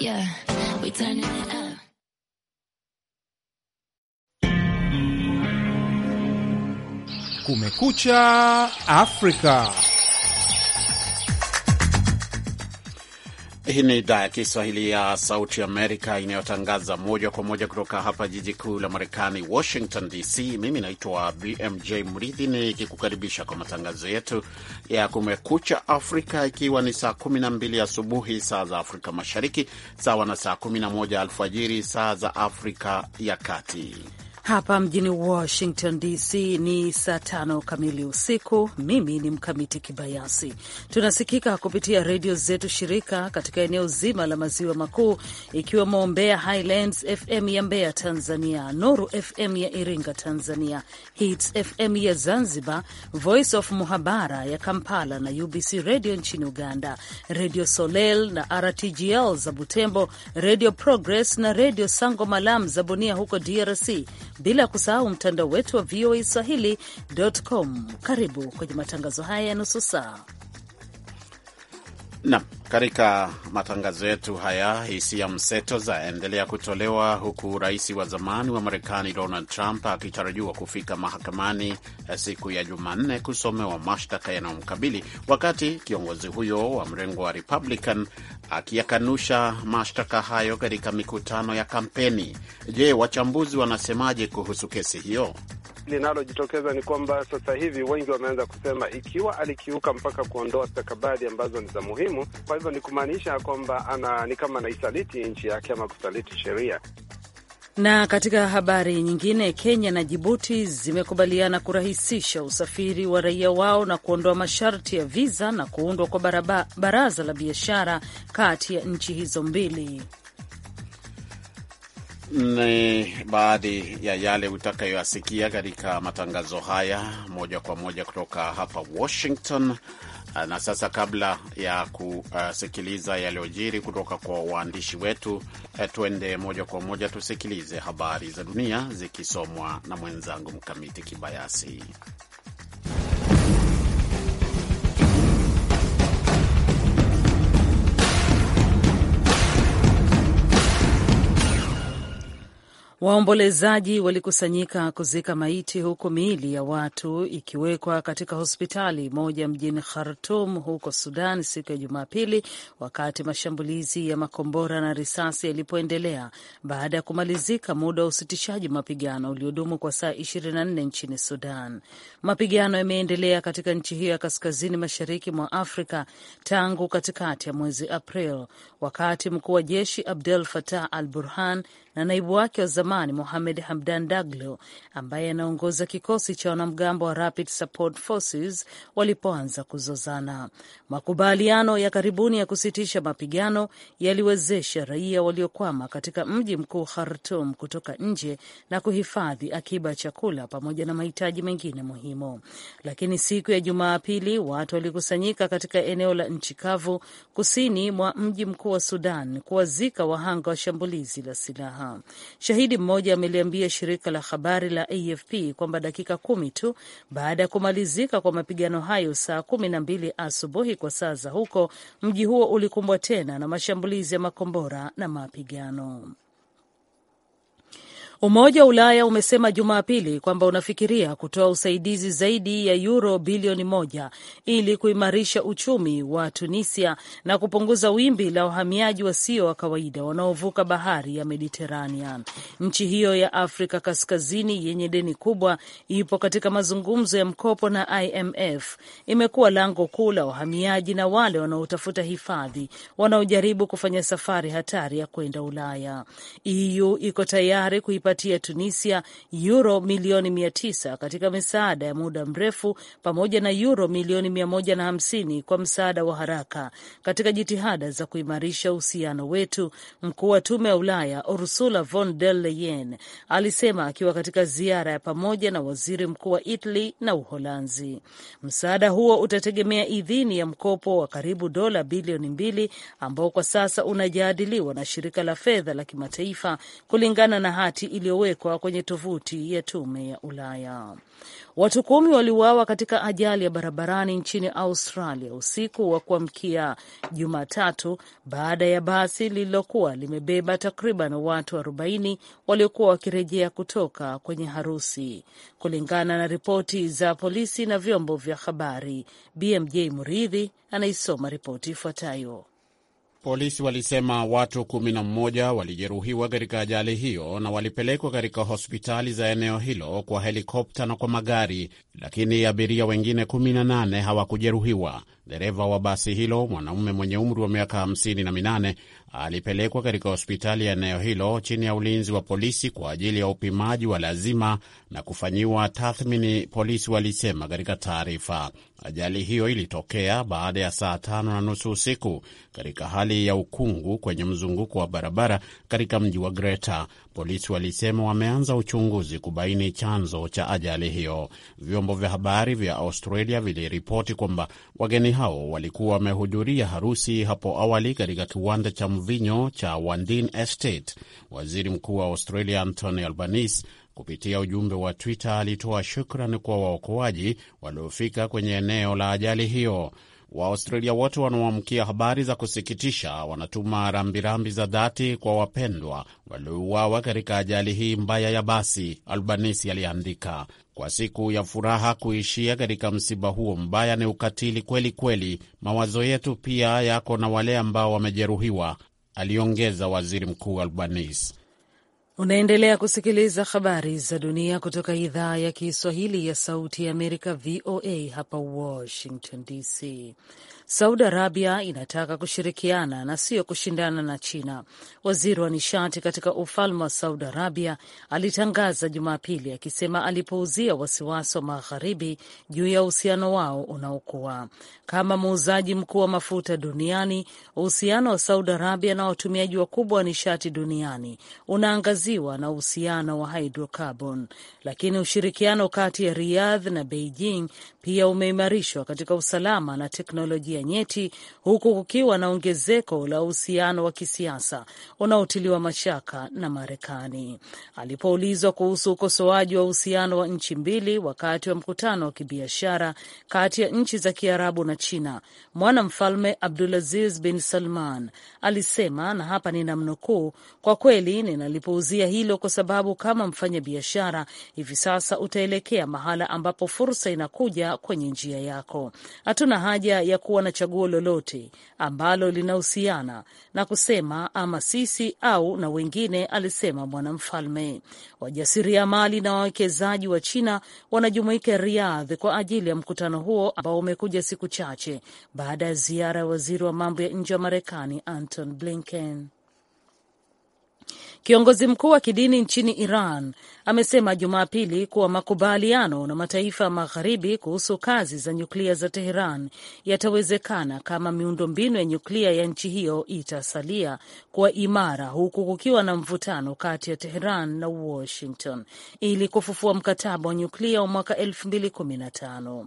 Yeah, we turning it up. Kumekucha Afrika. Hii ni idhaa ya Kiswahili ya Sauti Amerika inayotangaza moja kwa moja kutoka hapa jiji kuu la Marekani, Washington DC. Mimi naitwa BMJ Mridhi nikikukaribisha kwa matangazo yetu ya Kumekucha Afrika, ikiwa ni saa 12 asubuhi saa za Afrika Mashariki, sawa na saa 11 alfajiri saa za Afrika ya Kati. Hapa mjini Washington DC ni saa tano kamili usiku. Mimi ni Mkamiti Kibayasi. Tunasikika kupitia redio zetu shirika katika eneo zima la maziwa makuu, ikiwemo Mbeya Highlands FM ya Mbeya Tanzania, Nuru FM ya Iringa Tanzania, Hits FM ya Zanzibar, Voice of Muhabara ya Kampala na UBC redio nchini Uganda, Redio Soleil na RTGL za Butembo, Redio Progress na Redio Sango Malam za Bunia huko DRC bila kusahau mtandao wetu wa VOA Swahili.com. Karibu kwenye matangazo haya ya nusu saa. Naam, katika matangazo yetu haya, hisia mseto zaendelea kutolewa huku rais wa zamani wa Marekani Donald Trump akitarajiwa kufika mahakamani eh, siku ya Jumanne kusomewa mashtaka yanayomkabili, wakati kiongozi huyo wa mrengo wa Republican akiyakanusha mashtaka hayo katika mikutano ya kampeni. Je, wachambuzi wanasemaje kuhusu kesi hiyo? linalojitokeza ni kwamba sasa hivi wengi wameanza kusema ikiwa alikiuka mpaka kuondoa stakabadhi ambazo ni za muhimu, kwa hivyo ni kumaanisha kwamba ana ni kama anaisaliti nchi yake ama kusaliti sheria. Na katika habari nyingine, Kenya na Jibuti zimekubaliana kurahisisha usafiri wa raia wao na kuondoa masharti ya viza na kuundwa kwa baraba, baraza la biashara kati ya nchi hizo mbili ni baadhi ya yale utakayoyasikia katika matangazo haya moja kwa moja kutoka hapa Washington. Na sasa kabla ya kusikiliza yaliyojiri kutoka kwa waandishi wetu, eh, tuende moja kwa moja tusikilize habari za dunia zikisomwa na mwenzangu Mkamiti Kibayasi. Waombolezaji walikusanyika kuzika maiti huku miili ya watu ikiwekwa katika hospitali moja mjini Khartum huko Sudan siku ya Jumapili, wakati mashambulizi ya makombora na risasi yalipoendelea baada ya kumalizika muda wa usitishaji mapigano uliodumu kwa saa 24 nchini Sudan. Mapigano yameendelea katika nchi hiyo ya kaskazini mashariki mwa Afrika tangu katikati ya mwezi April, wakati mkuu wa jeshi Abdel Fattah al Burhan na naibu wake wa zamani Mohamed Hamdan Daglo ambaye anaongoza kikosi cha wanamgambo wa Rapid Support Forces walipoanza kuzozana. Makubaliano ya karibuni ya kusitisha mapigano yaliwezesha raia waliokwama katika mji mkuu khartum kutoka nje na kuhifadhi akiba ya chakula pamoja na mahitaji mengine muhimu. Lakini siku ya Jumapili watu walikusanyika katika eneo la nchi kavu kusini mwa mji mkuu wa Sudan kuwazika wahanga wa shambulizi la silaha silaha. Shahidi mmoja ameliambia shirika la habari la AFP kwamba dakika kumi tu baada ya kumalizika kwa mapigano hayo saa kumi na mbili asubuhi kwa saa za huko, mji huo ulikumbwa tena na mashambulizi ya makombora na mapigano. Umoja wa Ulaya umesema Jumapili kwamba unafikiria kutoa usaidizi zaidi ya yuro bilioni moja ili kuimarisha uchumi wa Tunisia na kupunguza wimbi la wahamiaji wasio wa kawaida wanaovuka bahari ya Mediterranean. Nchi hiyo ya Afrika Kaskazini yenye deni kubwa ipo katika mazungumzo ya mkopo na IMF. Imekuwa lango kuu la wahamiaji na wale wanaotafuta hifadhi wanaojaribu kufanya safari hatari ya kwenda Ulaya. EU iko tayari kuipa kuipatia Tunisia yuro milioni mia tisa katika misaada ya muda mrefu pamoja na yuro milioni mia moja na hamsini kwa msaada wa haraka katika jitihada za kuimarisha uhusiano wetu. Mkuu wa Tume ya Ulaya Ursula von der Leyen alisema akiwa katika ziara ya pamoja na waziri mkuu wa Italy na Uholanzi. Msaada huo utategemea idhini ya mkopo wa karibu dola bilioni mbili ambao kwa sasa unajadiliwa na shirika la fedha la kimataifa kulingana na hati iliyowekwa kwenye tovuti ya tume ya Ulaya. Watu kumi waliuawa katika ajali ya barabarani nchini Australia usiku wa kuamkia Jumatatu baada ya basi lililokuwa limebeba takriban watu 40 waliokuwa wakirejea kutoka kwenye harusi, kulingana na ripoti za polisi na vyombo vya habari. BMJ Muridhi anaisoma ripoti ifuatayo. Polisi walisema watu 11 walijeruhiwa katika ajali hiyo na walipelekwa katika hospitali za eneo hilo kwa helikopta na kwa magari, lakini abiria wengine 18 hawakujeruhiwa. Dereva wa basi hilo, mwanaume mwenye umri wa miaka 58, alipelekwa katika hospitali ya eneo hilo chini ya ulinzi wa polisi kwa ajili ya upimaji wa lazima na kufanyiwa tathmini, polisi walisema katika taarifa. Ajali hiyo ilitokea baada ya saa tano na nusu usiku katika hali ya ukungu kwenye mzunguko wa barabara katika mji wa Greta. Polisi walisema wameanza uchunguzi kubaini chanzo cha ajali hiyo. Vyombo vya habari vya Australia viliripoti kwamba wageni hao walikuwa wamehudhuria harusi hapo awali katika kiwanda cha mvinyo cha Wandin Estate. Waziri Mkuu wa Australia Anthony Albanese kupitia ujumbe wa Twitter alitoa shukrani kwa waokoaji waliofika kwenye eneo la ajali hiyo. Waaustralia wote wanaoamkia habari za kusikitisha wanatuma rambirambi za dhati kwa wapendwa waliouawa katika ajali hii mbaya ya basi, Albanisi aliandika. Kwa siku ya furaha kuishia katika msiba huo mbaya ni ukatili kweli kweli. Mawazo yetu pia yako na wale ambao wamejeruhiwa, aliongeza waziri mkuu Albanese. Unaendelea kusikiliza habari za dunia kutoka idhaa ya Kiswahili ya Sauti ya Amerika, VOA hapa Washington DC. Saudi Arabia inataka kushirikiana na sio kushindana na China. Waziri wa nishati katika ufalme wa Saudi Arabia alitangaza Jumapili akisema alipouzia wasiwasi wa magharibi juu ya uhusiano wao unaokuwa. Kama muuzaji mkuu wa mafuta duniani, uhusiano wa Saudi Arabia na watumiaji wakubwa wa nishati duniani unaangaziwa na uhusiano wa hydrocarbon, lakini ushirikiano kati ya Riyadh na Beijing pia umeimarishwa katika usalama na teknolojia nyeti, huku kukiwa na ongezeko la uhusiano wa kisiasa unaotiliwa mashaka na Marekani. Alipoulizwa kuhusu ukosoaji wa uhusiano wa nchi mbili wakati wa mkutano wa kibiashara kati ya nchi za Kiarabu na China, mwanamfalme Abdulaziz bin Salman alisema, na hapa ninamnukuu: kwa kweli ninalipuuzia hilo kwa sababu kama mfanya biashara hivi sasa utaelekea mahala ambapo fursa inakuja kwenye njia yako. Hatuna haja ya kuwa na chaguo lolote ambalo linahusiana na kusema ama sisi au na wengine, alisema mwanamfalme. Wajasiriamali na wawekezaji wa China wanajumuika riadh kwa ajili ya mkutano huo ambao umekuja siku chache baada ya ziara ya waziri wa mambo ya nje wa Marekani Anton Blinken. Kiongozi mkuu wa kidini nchini Iran amesema Jumapili kuwa makubaliano na mataifa ya magharibi kuhusu kazi za nyuklia za Teheran yatawezekana kama miundombinu ya nyuklia ya nchi hiyo itasalia kuwa imara, huku kukiwa na mvutano kati ya Teheran na Washington ili kufufua mkataba wa nyuklia wa mwaka 2015.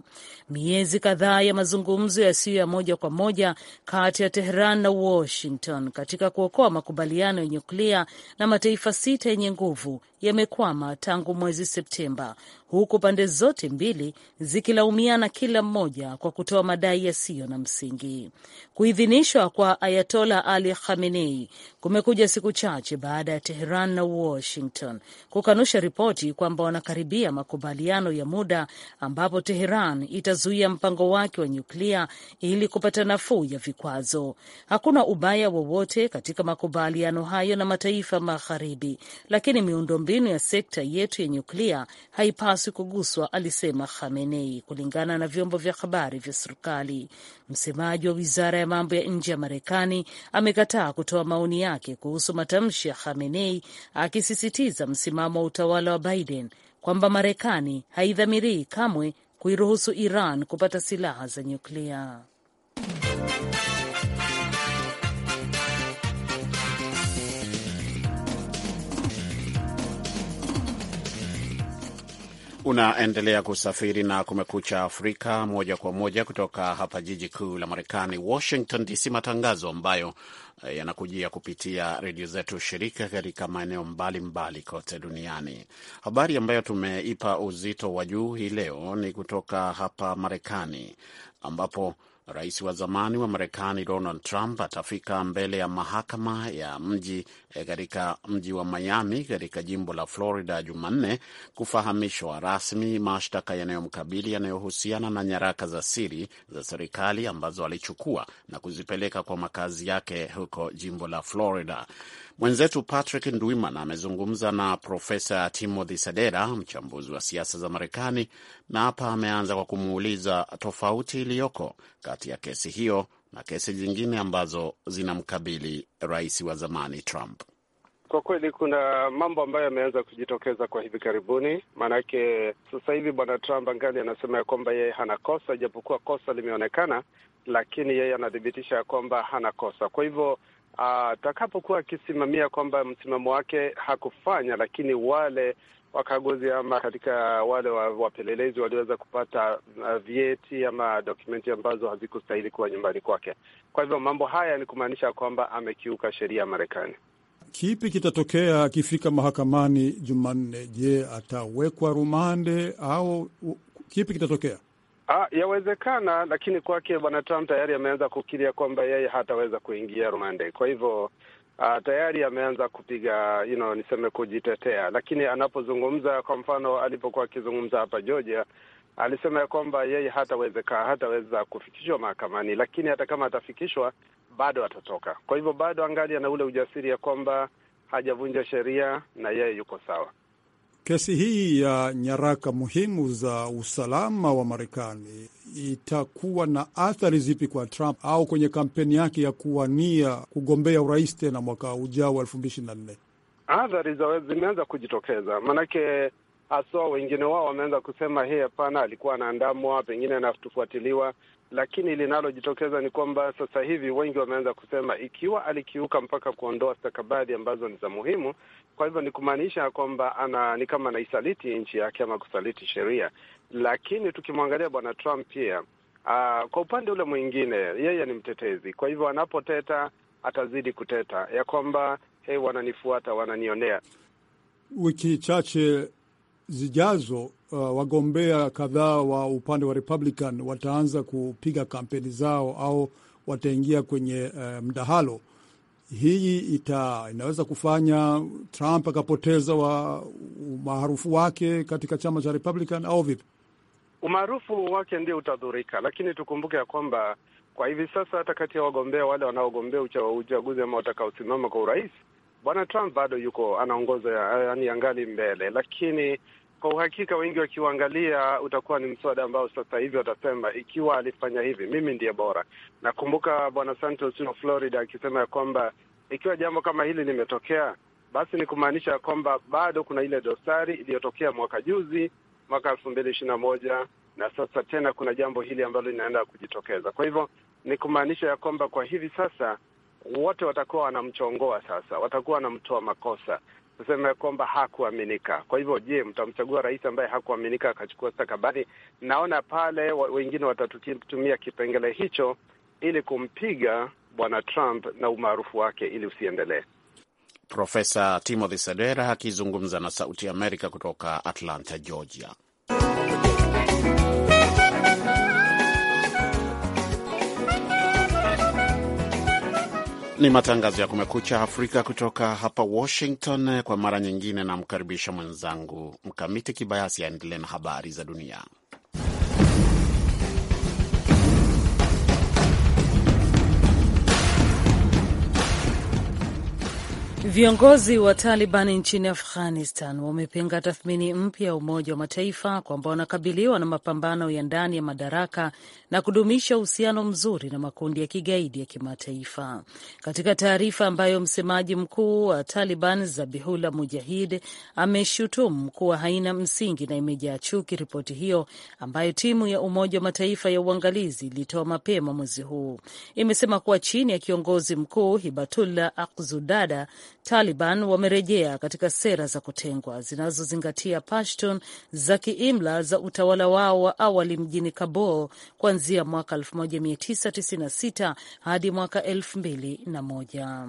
Miezi kadhaa ya mazungumzo yasiyo ya moja kwa moja kati ya Teheran na Washington katika kuokoa makubaliano ya nyuklia na na mataifa sita yenye nguvu yamekwama tangu mwezi Septemba huku pande zote mbili zikilaumiana kila mmoja kwa kutoa madai yasiyo na msingi. Kuidhinishwa kwa Ayatola Ali Khamenei kumekuja siku chache baada ya Teheran na Washington kukanusha ripoti kwamba wanakaribia makubaliano ya muda ambapo Teheran itazuia mpango wake wa nyuklia ili kupata nafuu ya vikwazo. Hakuna ubaya wowote katika makubaliano hayo na mataifa magharibi, lakini miundombinu ya sekta yetu ya nyuklia haipaswi binafsi kuguswa, alisema Khamenei, kulingana na vyombo vya habari vya serikali. Msemaji wa wizara ya mambo ya nje ya Marekani amekataa kutoa maoni yake kuhusu matamshi ya Khamenei, akisisitiza msimamo wa utawala wa Biden kwamba Marekani haidhamirii kamwe kuiruhusu Iran kupata silaha za nyuklia. Unaendelea kusafiri na Kumekucha Afrika moja kwa moja kutoka hapa jiji kuu la Marekani, Washington DC, matangazo ambayo eh, yanakujia kupitia redio zetu shirika katika maeneo mbalimbali kote duniani. Habari ambayo tumeipa uzito wa juu hii leo ni kutoka hapa Marekani ambapo Rais wa zamani wa Marekani Donald Trump atafika mbele ya mahakama ya mji eh, katika mji wa Miami katika jimbo la Florida Jumanne kufahamishwa rasmi mashtaka yanayomkabili yanayohusiana na nyaraka za siri za serikali ambazo alichukua na kuzipeleka kwa makazi yake huko jimbo la Florida. Mwenzetu Patrick Ndwimana amezungumza na Profesa Timothy Sadera, mchambuzi wa siasa za Marekani, na hapa ameanza kwa kumuuliza tofauti iliyoko kati ya kesi hiyo na kesi zingine ambazo zinamkabili rais wa zamani Trump. Kwa kweli kuna mambo ambayo yameanza kujitokeza kwa hivi karibuni. Maanake sasa hivi bwana Trump angali anasema ya kwamba yeye hana kosa, ijapokuwa kosa limeonekana, lakini yeye anathibitisha ya kwamba hana kosa. Kwa hivyo atakapokuwa akisimamia kwamba msimamo wake hakufanya, lakini wale wakaguzi ama katika wale wapelelezi waliweza kupata uh, vyeti ama dokumenti ambazo hazikustahili kuwa nyumbani kwake. Kwa hivyo mambo haya ni kumaanisha kwamba amekiuka sheria ya Marekani. Kipi kitatokea akifika mahakamani Jumanne? Je, atawekwa rumande au kipi kitatokea? Ah, yawezekana, lakini kwake bwana Trump tayari ameanza kukiria kwamba yeye hataweza kuingia rumande, kwa hivyo Uh, tayari ameanza kupiga you know, niseme kujitetea, lakini anapozungumza kwa mfano, alipokuwa akizungumza hapa Georgia, alisema ya kwamba yeye hatawezeka hataweza kufikishwa mahakamani, lakini hata kama atafikishwa bado atatoka. Kwa hivyo bado angali ana ule ujasiri ya kwamba hajavunja sheria na yeye yuko sawa. Kesi hii ya nyaraka muhimu za usalama wa Marekani itakuwa na athari zipi kwa Trump au kwenye kampeni yake ya kuwania kugombea urais tena mwaka ujao wa elfu mbili ishirini na nne? Athari zimeanza kujitokeza, maanake haswa. Wengine wao wameanza kusema hii, hapana, alikuwa anaandamwa, pengine anatufuatiliwa. Lakini linalojitokeza ni kwamba sasa hivi wengi wameanza kusema ikiwa alikiuka mpaka kuondoa stakabadhi ambazo ni za muhimu, kwa hivyo ni kumaanisha kwamba ana ni kama anaisaliti nchi yake ama kusaliti sheria. Lakini tukimwangalia bwana Trump pia Uh, kwa upande ule mwingine yeye ni mtetezi, kwa hivyo anapoteta atazidi kuteta ya kwamba hey, wananifuata wananionea. Wiki chache zijazo uh, wagombea kadhaa wa upande wa Republican wataanza kupiga kampeni zao au wataingia kwenye uh, mdahalo. Hii ita, inaweza kufanya Trump akapoteza wa umaarufu wake katika chama cha Republican au vipi? Umaarufu wake ndio utadhurika, lakini tukumbuke ya kwamba kwa hivi sasa hata kati ya wagombea wale wanaogombea uchaguzi ama watakaosimama kwa urais Bwana Trump bado yuko anaongoza, yaani angali mbele, lakini kwa uhakika wengi wakiuangalia utakuwa ni mswada ambao sasa hivi watasema ikiwa alifanya hivi, mimi ndiye bora. Nakumbuka bwana Santos wa Florida akisema ya kwamba ikiwa jambo kama hili limetokea, basi ni kumaanisha ya kwamba bado kuna ile dosari iliyotokea mwaka juzi, mwaka elfu mbili ishirini na moja, na sasa tena kuna jambo hili ambalo linaenda kujitokeza. Kwa hivyo ni kumaanisha ya kwamba kwa hivi sasa wote watakuwa wanamchongoa sasa, watakuwa wanamtoa makosa, tuseme ya kwamba hakuaminika. Kwa hivyo, je, mtamchagua rais ambaye hakuaminika akachukua stakabadhi? Naona pale wengine watatutumia kipengele hicho ili kumpiga bwana Trump na umaarufu wake ili usiendelee. Profesa Timothy Sedera akizungumza na Sauti Amerika kutoka Atlanta, Georgia. Ni matangazo ya Kumekucha Afrika kutoka hapa Washington. Kwa mara nyingine, namkaribisha mwenzangu Mkamiti Kibayasi aendelee na habari za dunia. Viongozi wa Taliban nchini Afghanistan wamepinga tathmini mpya ya Umoja wa Mataifa kwamba wanakabiliwa na mapambano ya ndani ya madaraka na kudumisha uhusiano mzuri na makundi ya kigaidi ya kimataifa. Katika taarifa ambayo msemaji mkuu wa Taliban Zabihullah Mujahid ameshutumu kuwa haina msingi na imejaa chuki, ripoti hiyo ambayo timu ya Umoja wa Mataifa ya uangalizi ilitoa mapema mwezi huu imesema kuwa chini ya kiongozi mkuu Hibatullah Akzudada Taliban wamerejea katika sera za kutengwa zinazozingatia Pashtun za kiimla za utawala wao wa awali mjini Kabul kuanzia mwaka 1996 hadi mwaka 2001.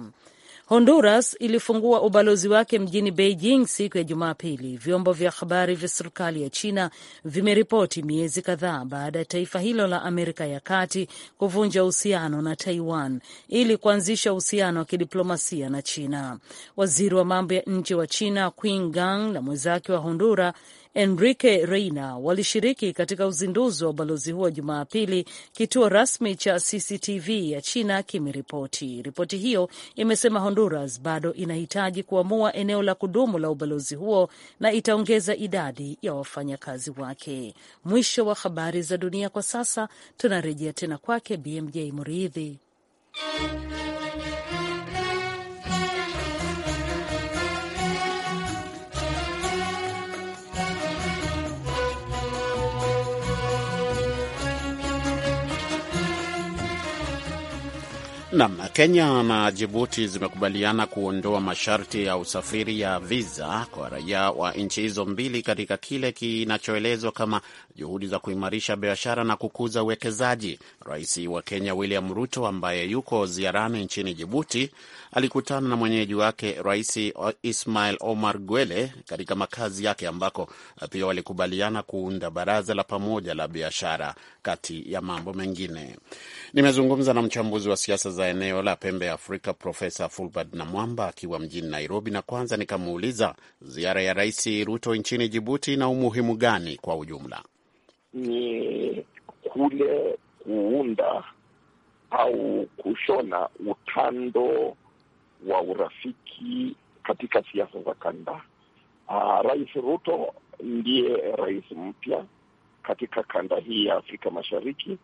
Honduras ilifungua ubalozi wake mjini Beijing siku ya Jumapili, vyombo vya habari vya serikali ya China vimeripoti, miezi kadhaa baada ya taifa hilo la Amerika ya Kati kuvunja uhusiano na Taiwan ili kuanzisha uhusiano wa kidiplomasia na China. Waziri wa mambo ya nje wa China Qin Gang na mwenzake wa Honduras Enrique Reina walishiriki katika uzinduzi wa ubalozi huo Jumapili, kituo rasmi cha CCTV ya China kimeripoti. Ripoti hiyo imesema Honduras bado inahitaji kuamua eneo la kudumu la ubalozi huo na itaongeza idadi ya wafanyakazi wake. Mwisho wa habari za dunia kwa sasa, tunarejea tena kwake BMJ Muridhi. Nam, Kenya na Jibuti zimekubaliana kuondoa masharti ya usafiri ya viza kwa raia wa nchi hizo mbili katika kile kinachoelezwa kama juhudi za kuimarisha biashara na kukuza uwekezaji. Rais wa Kenya William Ruto, ambaye yuko ziarani nchini Jibuti, alikutana na mwenyeji wake Rais Ismail Omar Gwele katika makazi yake, ambako pia walikubaliana kuunda baraza la pamoja la biashara, kati ya mambo mengine. Nimezungumza na mchambuzi wa siasa za eneo la pembe ya Afrika Profesa Fulbert Namwamba akiwa mjini Nairobi, na kwanza nikamuuliza ziara ya Rais Ruto nchini Jibuti na umuhimu gani kwa ujumla ni kule kuunda au kushona utando wa urafiki katika siasa za kanda. Uh, Rais Ruto ndiye rais mpya katika kanda hii ya Afrika Mashariki,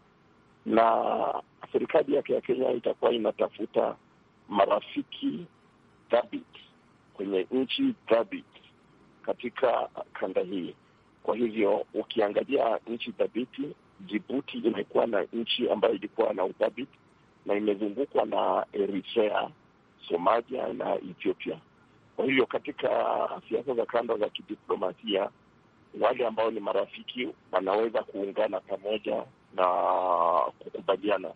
na serikali yake ya Kenya itakuwa inatafuta marafiki thabiti kwenye nchi thabiti katika kanda hii. Kwa hivyo ukiangalia nchi thabiti, Jibuti imekuwa na nchi ambayo ilikuwa na uthabiti na imezungukwa na Eritrea, Somalia na Ethiopia. Kwa hivyo katika siasa za kando za kidiplomasia, wale ambao ni marafiki wanaweza kuungana pamoja na kukubaliana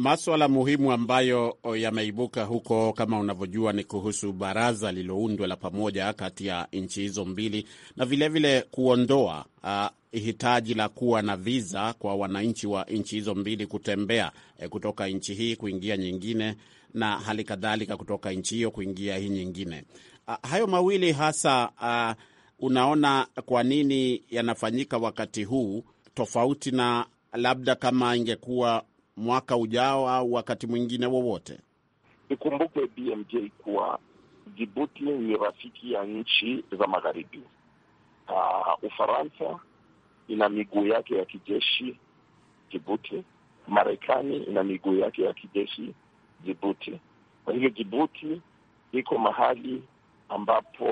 maswala muhimu ambayo yameibuka huko kama unavyojua ni kuhusu baraza lililoundwa la pamoja kati ya nchi hizo mbili na vilevile vile kuondoa uh, hitaji la kuwa na viza kwa wananchi wa nchi hizo mbili kutembea eh, kutoka nchi hii kuingia nyingine na hali kadhalika kutoka nchi hiyo kuingia hii nyingine. Uh, hayo mawili hasa uh, unaona kwa nini yanafanyika wakati huu tofauti na labda kama ingekuwa mwaka ujao au wakati mwingine wowote? ikumbukwe BMJ kuwa Jibuti ni rafiki ya nchi za magharibi. Uh, Ufaransa ina miguu yake ya kijeshi Jibuti, Marekani ina miguu yake ya kijeshi Jibuti. Kwa hivyo Jibuti iko mahali ambapo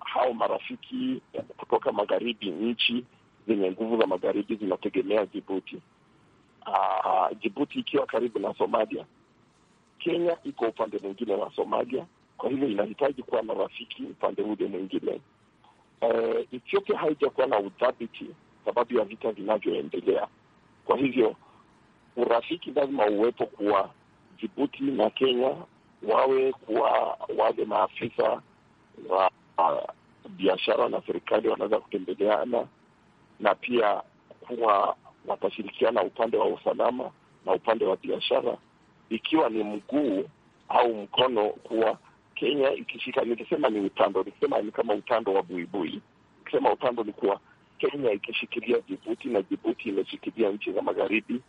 hao marafiki kutoka magharibi, nchi zenye nguvu za magharibi zinategemea Jibuti uh, ah, Jibuti ikiwa karibu na Somalia, Kenya iko upande mwingine wa Somalia, kwa hivyo inahitaji kuwa na rafiki upande ule mwingine. Uh, Ethiopia haijakuwa na udhabiti sababu ya vita vinavyoendelea. Kwa hivyo urafiki lazima uwepo kuwa Jibuti na Kenya wawe kuwa wale maafisa wa uh, biashara na serikali wanaweza kutembeleana na pia kuwa watashirikiana upande wa usalama na upande wa biashara, ikiwa ni mguu au mkono kuwa Kenya ikishika. Nikisema ni utando, nikisema ni kama utando wa buibui. Nikisema utando ni kuwa Kenya ikishikilia Jibuti na Jibuti imeshikilia nchi za magharibi,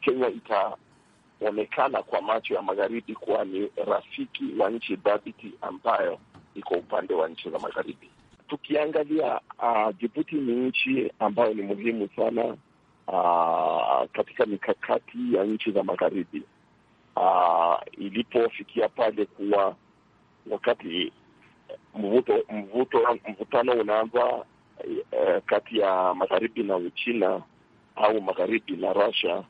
Kenya itaonekana kwa macho ya magharibi kuwa ni rafiki wa nchi dhabiti ambayo iko upande wa nchi za magharibi. Tukiangalia uh, Jibuti ni nchi ambayo ni muhimu sana uh, katika mikakati ya nchi za magharibi ah, ilipofikia pale kuwa wakati mvuto mvuto mvutano unaanza uh, kati ya magharibi na Uchina au magharibi na Russia,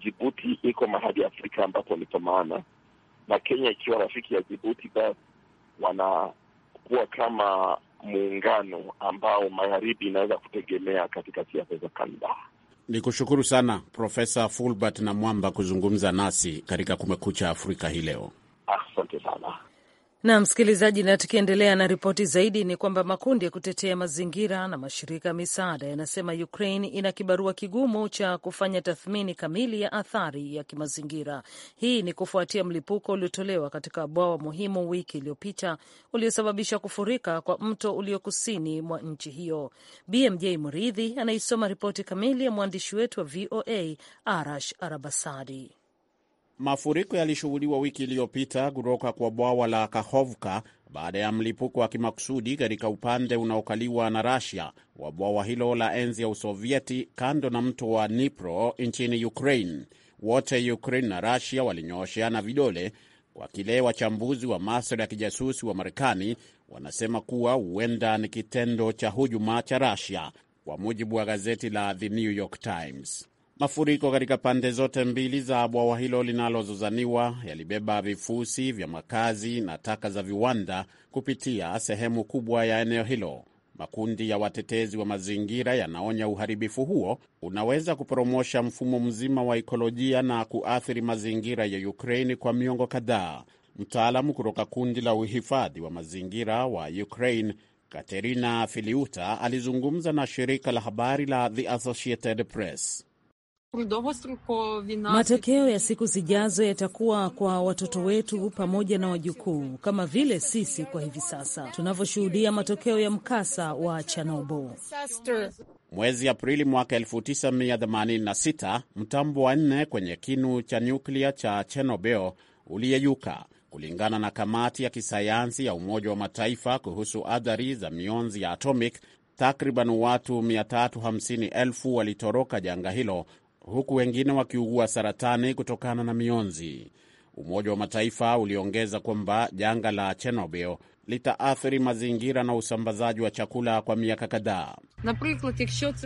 Jibuti iko mahali Afrika ambapo ni kwa maana, na Kenya ikiwa rafiki ya Jibuti, basi wanakuwa kama muungano ambao magharibi inaweza kutegemea katika siasa za kandaa ni kushukuru sana Profesa Fulbert na Mwamba kuzungumza nasi katika Kumekucha Afrika hii leo. Asante. Na msikilizaji, na tukiendelea na ripoti zaidi ni kwamba makundi ya kutetea mazingira na mashirika ya misaada yanasema Ukraine ina kibarua kigumu cha kufanya tathmini kamili ya athari ya kimazingira. Hii ni kufuatia mlipuko uliotolewa katika bwawa muhimu wiki iliyopita uliosababisha kufurika kwa mto ulio kusini mwa nchi hiyo. BMJ Mridhi anaisoma ripoti kamili ya mwandishi wetu wa VOA Arash Arabasadi. Mafuriko yalishuhudiwa wiki iliyopita kutoka kwa bwawa la Kahovka baada ya mlipuko wa kimakusudi katika upande unaokaliwa na rasia wa bwawa hilo la enzi ya Usovieti kando na mto wa Dnipro nchini Ukraine. Wote Ukraine na Rasia walinyoosheana vidole kwa kile wachambuzi wa maswala ya kijasusi wa Marekani wanasema kuwa huenda ni kitendo cha hujuma cha rasia kwa mujibu wa gazeti la The New York Times. Mafuriko katika pande zote mbili za bwawa hilo linalozozaniwa yalibeba vifusi vya makazi na taka za viwanda kupitia sehemu kubwa ya eneo hilo. Makundi ya watetezi wa mazingira yanaonya uharibifu huo unaweza kuporomosha mfumo mzima wa ikolojia na kuathiri mazingira ya Ukraini kwa miongo kadhaa. Mtaalamu kutoka kundi la uhifadhi wa mazingira wa Ukraine Katerina Filiuta alizungumza na shirika la habari la The Associated Press. Matokeo ya siku zijazo yatakuwa kwa watoto wetu pamoja na wajukuu, kama vile sisi kwa hivi sasa tunavyoshuhudia matokeo ya mkasa wa Chernobyl. Mwezi Aprili mwaka 1986 mtambo wa nne kwenye kinu cha nyuklia cha Chernobyl uliyeyuka, kulingana na kamati ya kisayansi ya Umoja wa Mataifa kuhusu athari za mionzi ya atomic. Takriban watu 350,000 walitoroka janga hilo huku wengine wakiugua saratani kutokana na mionzi. Umoja wa Mataifa uliongeza kwamba janga la Chernobyl litaathiri mazingira na usambazaji wa chakula kwa miaka kadhaa.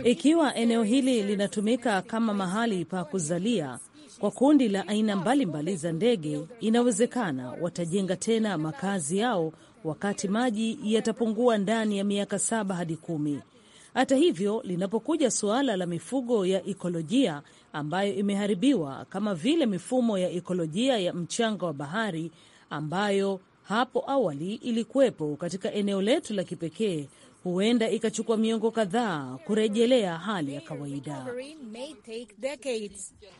Ikiwa eneo hili linatumika kama mahali pa kuzalia kwa kundi la aina mbalimbali za ndege, inawezekana watajenga tena makazi yao wakati maji yatapungua ndani ya miaka saba hadi kumi. Hata hivyo, linapokuja suala la mifugo ya ikolojia ambayo imeharibiwa kama vile mifumo ya ikolojia ya mchanga wa bahari ambayo hapo awali ilikuwepo katika eneo letu la kipekee, huenda ikachukua miongo kadhaa kurejelea hali ya kawaida.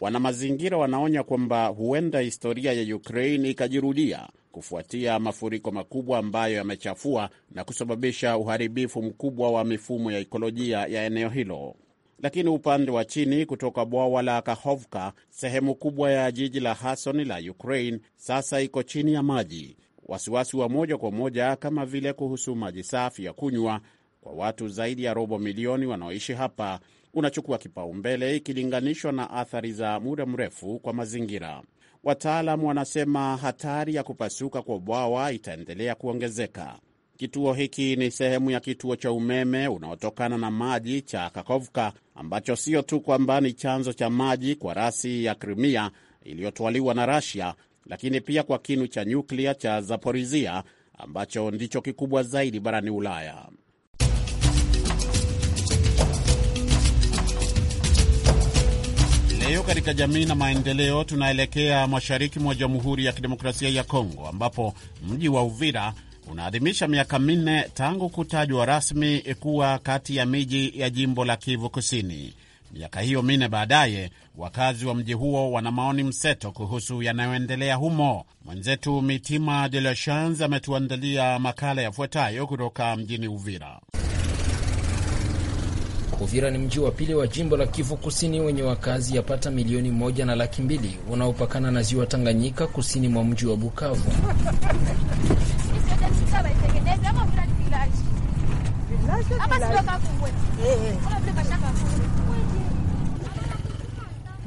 Wanamazingira wanaonya kwamba huenda historia ya Ukraine ikajirudia kufuatia mafuriko makubwa ambayo yamechafua na kusababisha uharibifu mkubwa wa mifumo ya ikolojia ya eneo hilo. Lakini upande wa chini kutoka bwawa la Kahovka, sehemu kubwa ya jiji la Kherson la Ukraine sasa iko chini ya maji. Wasiwasi wa moja kwa moja kama vile kuhusu maji safi ya kunywa kwa watu zaidi ya robo milioni wanaoishi hapa unachukua kipaumbele ikilinganishwa na athari za muda mrefu kwa mazingira. Wataalamu wanasema hatari ya kupasuka kwa bwawa itaendelea kuongezeka. Kituo hiki ni sehemu ya kituo cha umeme unaotokana na maji cha Kakovka ambacho sio tu kwamba ni chanzo cha maji kwa rasi ya Krimia iliyotwaliwa na Rasia, lakini pia kwa kinu cha nyuklia cha Zaporizia ambacho ndicho kikubwa zaidi barani Ulaya. Leo katika jamii na maendeleo, tunaelekea mashariki mwa Jamhuri ya Kidemokrasia ya Kongo ambapo mji wa Uvira unaadhimisha miaka minne tangu kutajwa rasmi kuwa kati ya miji ya jimbo la Kivu Kusini. Miaka hiyo minne baadaye, wakazi wa mji huo wana maoni mseto kuhusu yanayoendelea humo. Mwenzetu Mitima De La Chance ametuandalia makala yafuatayo kutoka mjini Uvira. Uvira ni mji wa pili wa jimbo la Kivu Kusini wenye wakazi yapata milioni moja na laki mbili unaopakana na ziwa Tanganyika kusini mwa mji wa Bukavu.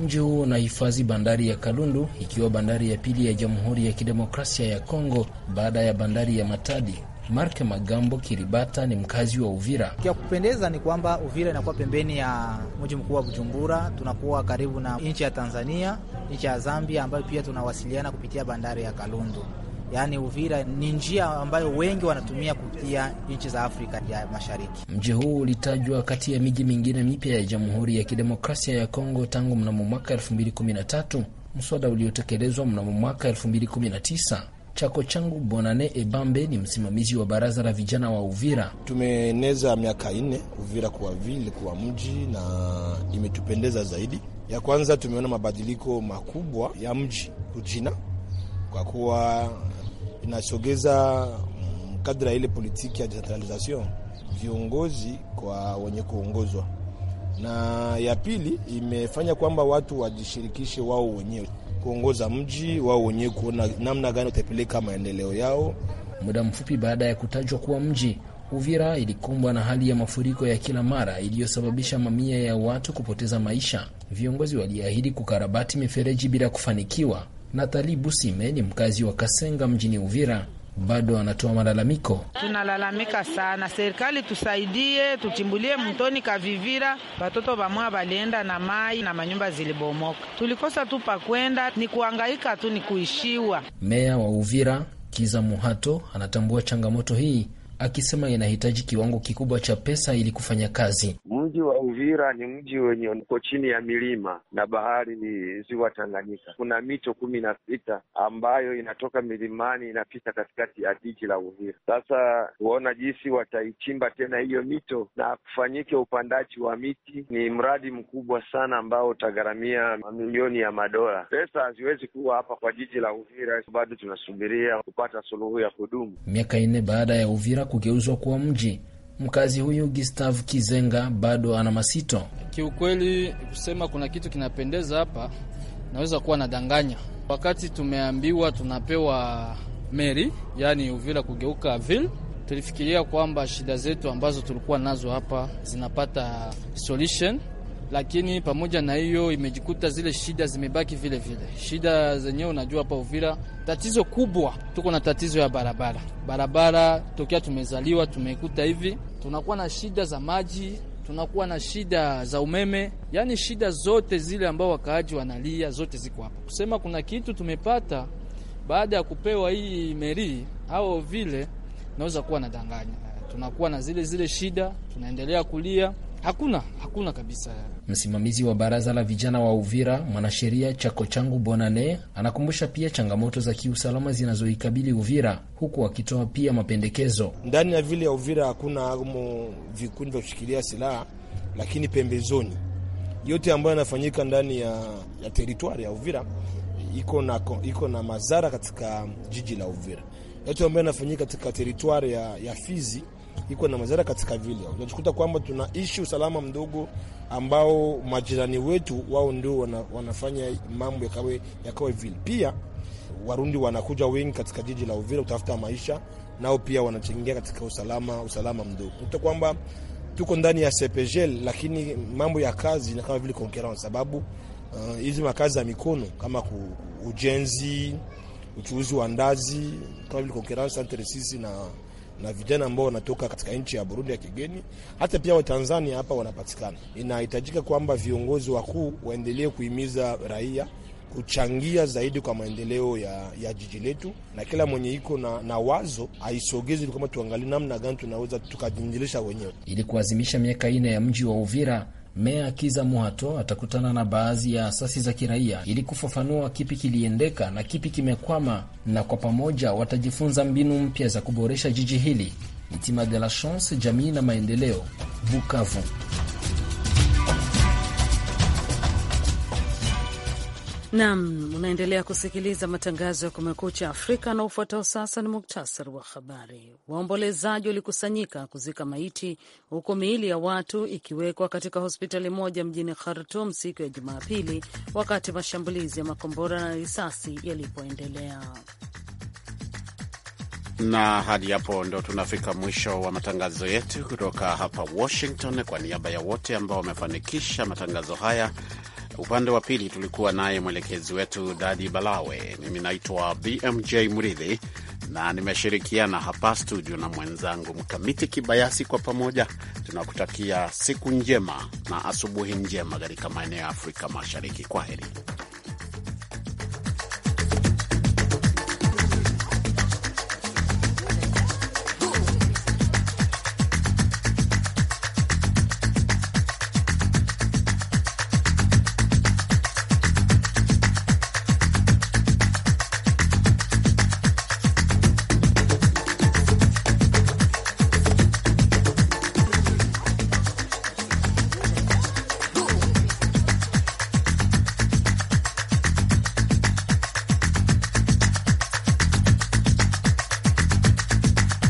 Mji huo unahifadhi bandari ya Kalundu, ikiwa bandari ya pili ya Jamhuri ya Kidemokrasia ya Kongo baada ya bandari ya Matadi. Mark Magambo Kiribata ni mkazi wa Uvira. Kia kupendeza ni kwamba Uvira inakuwa pembeni ya mji mkuu wa Bujumbura, tunakuwa karibu na nchi ya Tanzania, nchi ya Zambia ambayo pia tunawasiliana kupitia bandari ya Kalundu. Yaani Uvira ni njia ambayo wengi wanatumia kupitia nchi za Afrika ya Mashariki. Mji huu ulitajwa kati ya miji mingine mipya ya Jamhuri ya Kidemokrasia ya Kongo tangu mnamo mwaka 2013, mswada uliotekelezwa mnamo mwaka 2019 Chako changu Bonane Ebambe ni msimamizi wa baraza la vijana wa Uvira. Tumeeneza miaka nne Uvira kuwa vile kuwa mji na imetupendeza zaidi. Ya kwanza tumeona mabadiliko makubwa ya mji Ujina, kwa kuwa inasogeza kadra ile politiki ya decentralization viongozi kwa wenye kuongozwa, na ya pili imefanya kwamba watu wajishirikishe wao wenyewe kuongoza mji wao wenyewe kuona namna gani utapeleka maendeleo yao. Muda mfupi baada ya kutajwa kuwa mji Uvira ilikumbwa na hali ya mafuriko ya kila mara iliyosababisha mamia ya watu kupoteza maisha. Viongozi waliahidi kukarabati mifereji bila kufanikiwa. Natali Busime ni mkazi wa Kasenga mjini Uvira bado wanatoa malalamiko. Tunalalamika sana, serikali tusaidie, tutimbulie mtoni Kavivira, watoto vamwa valienda na mai na manyumba zilibomoka, tulikosa tu pakwenda, ni kuangaika tu, ni kuishiwa. Meya wa Uvira Kiza Muhato anatambua changamoto hii akisema inahitaji kiwango kikubwa cha pesa ili kufanya kazi. Mji wa Uvira ni mji wenye uko chini ya milima na bahari ni ziwa Tanganyika. Kuna mito kumi na sita ambayo inatoka milimani inapita katikati ya jiji la Uvira. Sasa huona jinsi wataichimba tena hiyo mito na kufanyike upandaji wa miti. Ni mradi mkubwa sana ambao utagharamia mamilioni ya madola. Pesa haziwezi kuwa hapa kwa jiji la Uvira, bado tunasubiria kupata suluhu ya kudumu. Miaka nne baada ya Uvira kugeuzwa kuwa mji. Mkazi huyu Gustav Kizenga bado ana masito. Kiukweli kusema kuna kitu kinapendeza hapa, naweza kuwa nadanganya. Wakati tumeambiwa tunapewa meri, yaani Uvira kugeuka ville, tulifikiria kwamba shida zetu ambazo tulikuwa nazo hapa zinapata solution lakini pamoja na hiyo imejikuta zile shida zimebaki vile vile. Shida zenyewe unajua, hapa Uvira tatizo kubwa, tuko na tatizo ya barabara. Barabara tokea tumezaliwa tumekuta hivi, tunakuwa na shida za maji, tunakuwa na shida za umeme, yaani shida zote zile ambao wakaaji wanalia zote ziko hapa. Kusema kuna kitu tumepata baada ya kupewa hii meri au vile, naweza kuwa nadanganya, tunakuwa na zile zile shida, tunaendelea kulia Hakuna, hakuna kabisa. Msimamizi wa baraza la vijana wa Uvira, mwanasheria Chako Changu Bonane, anakumbusha pia changamoto za kiusalama zinazoikabili Uvira, huku akitoa pia mapendekezo. Ndani ya vile ya Uvira hakuna mo vikundi vya kushikilia silaha, lakini pembezoni yote ambayo yanafanyika ndani ya, ya teritwari ya Uvira iko na, iko na mazara katika jiji la Uvira. Yote ambayo yanafanyika katika teritwari ya, ya Fizi iko na madhara katika vile, unajikuta kwamba tunaishi usalama mdogo ambao majirani wetu wao ndio wana, wanafanya mambo yakawe, yakawe vile. Pia Warundi wanakuja wengi katika jiji la Uvira kutafuta maisha, nao pia wanachangia katika usalama usalama mdogo, unakuta kwamba tuko ndani ya CPGL lakini mambo ya kazi ni kama vile konkerans sababu uh, hizi uh, makazi ya mikono kama ku, ujenzi, uchuuzi wa ndazi kama vile konkerans sisi na na vijana ambao wanatoka katika nchi ya Burundi ya kigeni, hata pia Watanzania hapa wanapatikana. Inahitajika kwamba viongozi wakuu waendelee kuhimiza raia kuchangia zaidi kwa maendeleo ya, ya jiji letu, na kila mwenye iko na, na wazo aisogeze kama tuangalie namna gani tunaweza tukajinjilisha wenyewe ili kuazimisha miaka ine ya mji wa Uvira. Meya Kiza Muhato atakutana na baadhi ya asasi za kiraia ili kufafanua kipi kiliendeka na kipi kimekwama, na kwa pamoja watajifunza mbinu mpya za kuboresha jiji hili. Mitima de la Chance, jamii na maendeleo, Bukavu. Nam, unaendelea kusikiliza matangazo ya Kumekucha Afrika na ufuatao sasa ni muktasari wa habari. Waombolezaji walikusanyika kuzika maiti huku miili ya watu ikiwekwa katika hospitali moja mjini Khartum siku ya Jumapili, wakati mashambulizi ya makombora na risasi yalipoendelea. Na hadi hapo ndo tunafika mwisho wa matangazo yetu kutoka hapa Washington. Kwa niaba ya wote ambao wamefanikisha matangazo haya Upande wa pili tulikuwa naye mwelekezi wetu Dadi Balawe. Mimi naitwa BMJ Mridhi na nimeshirikiana hapa studio na mwenzangu Mkamiti Kibayasi. Kwa pamoja tunakutakia siku njema na asubuhi njema katika maeneo ya Afrika Mashariki. Kwa heri.